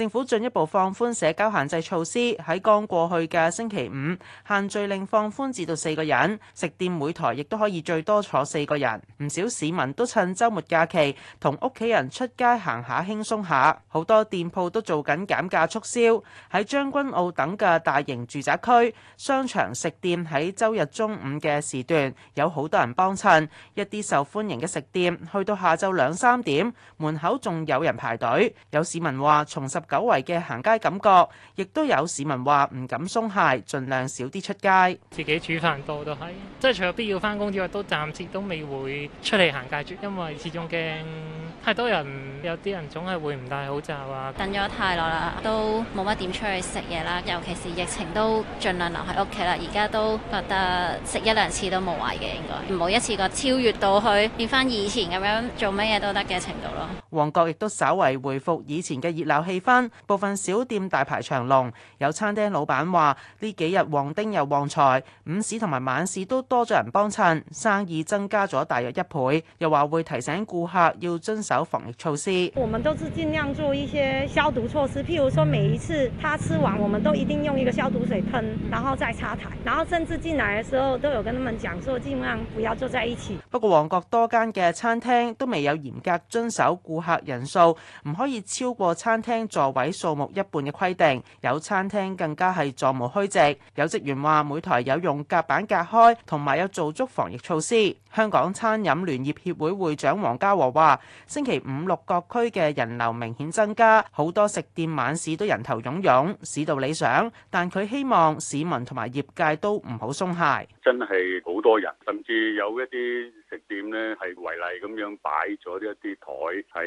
政府進一步放寬社交限制措施，喺剛過去嘅星期五，限聚令放寬至到四個人，食店每台亦都可以最多坐四個人。唔少市民都趁週末假期同屋企人出街行下，下，輕鬆下。好多店鋪都做緊減價促銷。喺將軍澳等嘅大型住宅區、商場、食店喺周日中午嘅時段，有好多人幫襯。一啲受歡迎嘅食店，去到下晝兩三點，門口仲有人排隊。有市民話：從十。久違嘅行街感覺，亦都有市民話唔敢鬆懈，盡量少啲出街。自己煮飯多都係，即係除咗必要翻工之外，都暫時都未會出嚟行街，因為始終驚。太多人，有啲人總係會唔戴口罩啊！等咗太耐啦，都冇乜點出去食嘢啦，尤其是疫情都盡量留喺屋企啦。而家都覺得食一兩次都冇壞嘅，應該，唔好一次過超越到去變翻以前咁樣做乜嘢都得嘅程度咯。旺角亦都稍為回復以前嘅熱鬧氣氛，部分小店大排長龍，有餐廳老闆話呢幾日旺丁又旺財，午市同埋晚市都多咗人幫襯，生意增加咗大約一倍。又話會提醒顧客要遵守。守防疫措施，我們都是盡量做一些消毒措施，譬如說每一次他吃完，我們都一定用一個消毒水噴，然後再擦台，然後甚至進來嘅時候都有跟他們講說，說盡量不要坐在一起。不過旺角多間嘅餐廳都未有嚴格遵守顧客人數唔可以超過餐廳座位數目一半嘅規定，有餐廳更加係座無虛席。有職員話每台有用夾板隔開，同埋有做足防疫措施。香港餐飲聯業協,業協會會長黃家和話。星期五六各區嘅人流明顯增加，好多食店晚市都人頭湧湧，市道理想。但佢希望市民同埋業界都唔好鬆懈。真係好多人，甚至有一啲食店呢係違例咁樣擺咗一啲台喺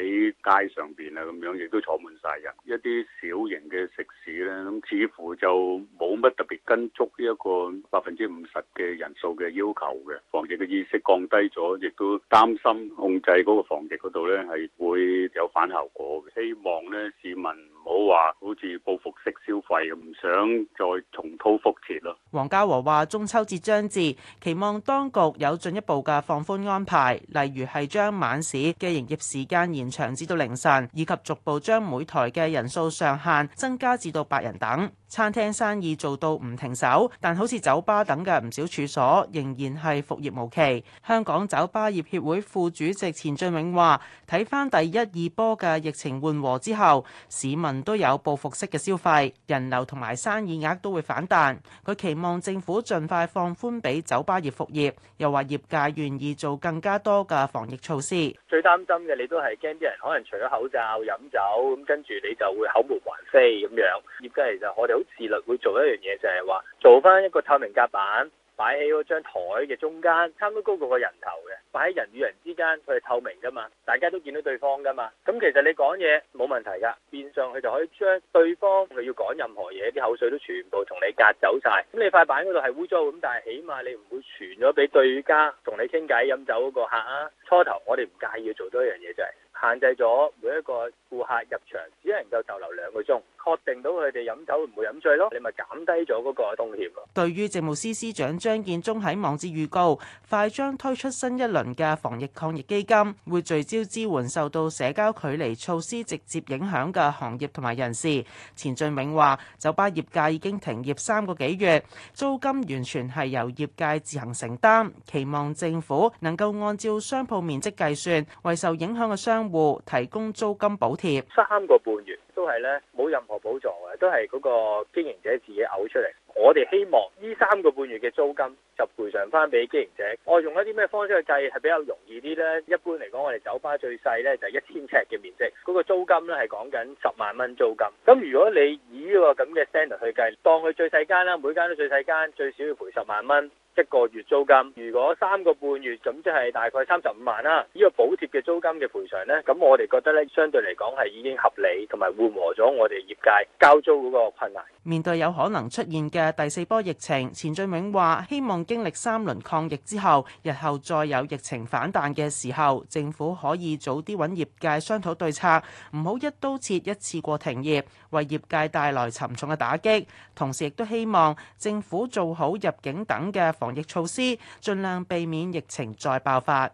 街上邊啊，咁樣亦都坐滿晒人。一啲小型嘅食肆呢，咁似乎就冇乜特別跟足呢一個百分之五十嘅人數嘅要求嘅，防疫嘅意識降低咗，亦都擔心控制嗰個防疫嗰度呢係會有反效果。希望呢市民。唔好話好似報復式消費咁，唔想再重蹈覆轍咯。黃家和話：中秋節將至，期望當局有進一步嘅放寬安排，例如係將晚市嘅營業時間延長至到凌晨，以及逐步將每台嘅人數上限增加至到百人等。餐廳生意做到唔停手，但好似酒吧等嘅唔少處所仍然係復業無期。香港酒吧業協會副主席錢俊永話：睇翻第一二波嘅疫情緩和之後，市民都有報復式嘅消費，人流同埋生意額都會反彈。佢期望政府盡快放寬俾酒吧業復業，又話業界願意做更加多嘅防疫措施。最擔心嘅你都係驚啲人可能除咗口罩飲酒，咁跟住你就會口沫橫飛咁樣。業界其實我哋好。自律會做一樣嘢，就係話做翻一個透明夾板，擺喺嗰張台嘅中間，差唔多高過個人頭嘅，擺喺人與人之間，佢係透明噶嘛，大家都見到對方噶嘛。咁、嗯、其實你講嘢冇問題噶，變相佢就可以將對方佢要講任何嘢啲口水都全部同你隔走晒。咁、嗯、你塊板嗰度係污糟，咁但係起碼你唔會傳咗俾對家同你傾偈飲酒嗰個客啊。初頭我哋唔介意做多一樣嘢、就是，就係限制咗每一個顧客入場只能夠逗留兩個鐘。確定到佢哋飲酒唔會飲醉咯，你咪減低咗嗰個風險咯。對於政務司司長張建宗喺網誌預告，快將推出新一輪嘅防疫抗疫基金，會聚焦支援受到社交距離措施直接影響嘅行業同埋人士。錢俊永話：酒吧業界已經停業三個幾月，租金完全係由業界自行承擔，期望政府能夠按照商鋪面積計算，為受影響嘅商戶提供租金補貼。三個半月。都係咧，冇任何補助嘅，都係嗰個經營者自己嘔出嚟。我哋希望呢三個半月嘅租金就賠償翻俾經營者。我用一啲咩方式去計係比較容易啲呢？一般嚟講，我哋酒吧最細呢就係一千尺嘅面積，嗰個租金呢係講緊十萬蚊租金。咁如果你以呢個咁嘅 standard 去計，當佢最細間啦，每間都最細間，最少要賠十萬蚊一個月租金。如果三個半月，咁即係大概三十五萬啦。呢個補貼嘅租金嘅賠償呢，咁我哋覺得呢，相對嚟講係已經合理，同埋緩和咗我哋業界交租嗰個困難。面對有可能出現嘅第四波疫情，錢俊永話：希望經歷三輪抗疫之後，日後再有疫情反彈嘅時候，政府可以早啲搵業界商討對策，唔好一刀切一次過停業，為業界帶來沉重嘅打擊。同時亦都希望政府做好入境等嘅防疫措施，盡量避免疫情再爆發。